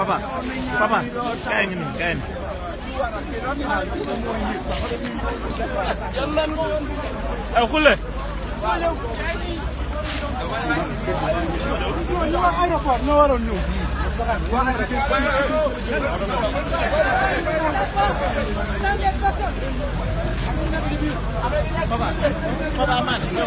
Papa, papa, kaya nyo min, kaya nyo. Eh, Ay, kule. Wa aeroport, no waron nyo. Wa aeroport. Papa, Papa, man, no.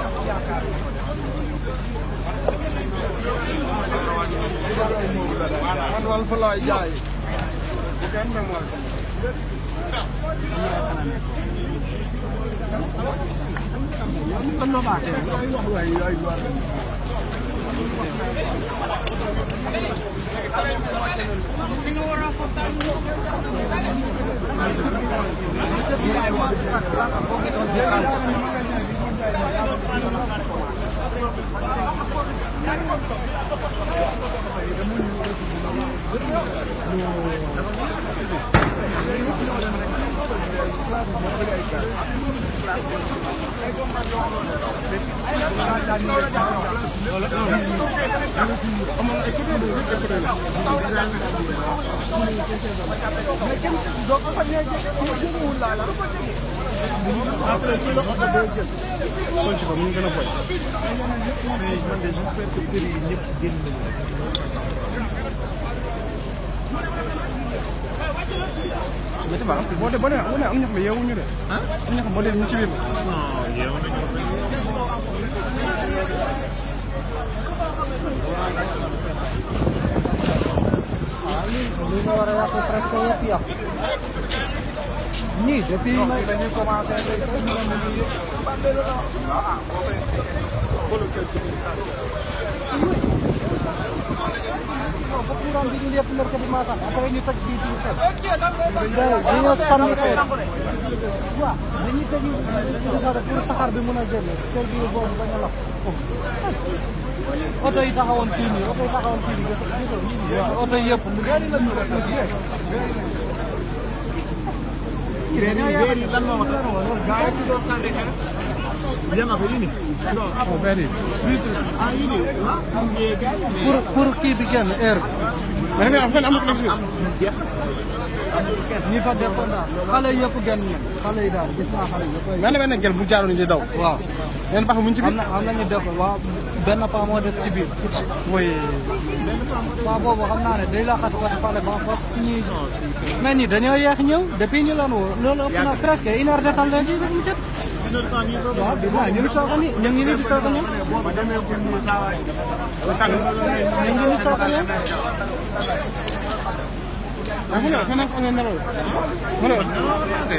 fal falay jaay bu kenn dem mooy kon no ba te ay wax way ay war Thank you. mais man de j'espère que kër yi ñëpp génn nañu si baax boo dee boo dee am na ñoo xam ne yeewuñu de. ah am na ñoo xam boo dee ñu ci biir. non yeewu nañu waaw lii lii nga war a yàq presque yëpp yàq. ñii depuis. dañuy commencé léegi ñu ngi leen di. Bakuran dililit mereka di mata. Apa ini tak di tingkat? Dia sami pet. Wah, ini tadi ada pun sahar di mana je. Terbi bom banyak lah. Oto oh. oh, ita kawan sini, oto oh, ita kawan sini. Oto iya pun dari lah surat lagi. Kiranya ini lan mau. Gaya tu dosa mereka. Vediamo Aperini. No, Aperini. Aperini. Pur, pur chi begin, er. Ma non è affatto, non è ni fa def ko na xale yepp gan ni xale da gis na xale yepp mel mel gel bu jaru ni daw waaw len bax mu ci bit am na ni def wa ben pa mo def ci Sa kami, yang ini di sa kanya? Yang ini sa kanya? Ano na, kanang kanang na rin. Ano?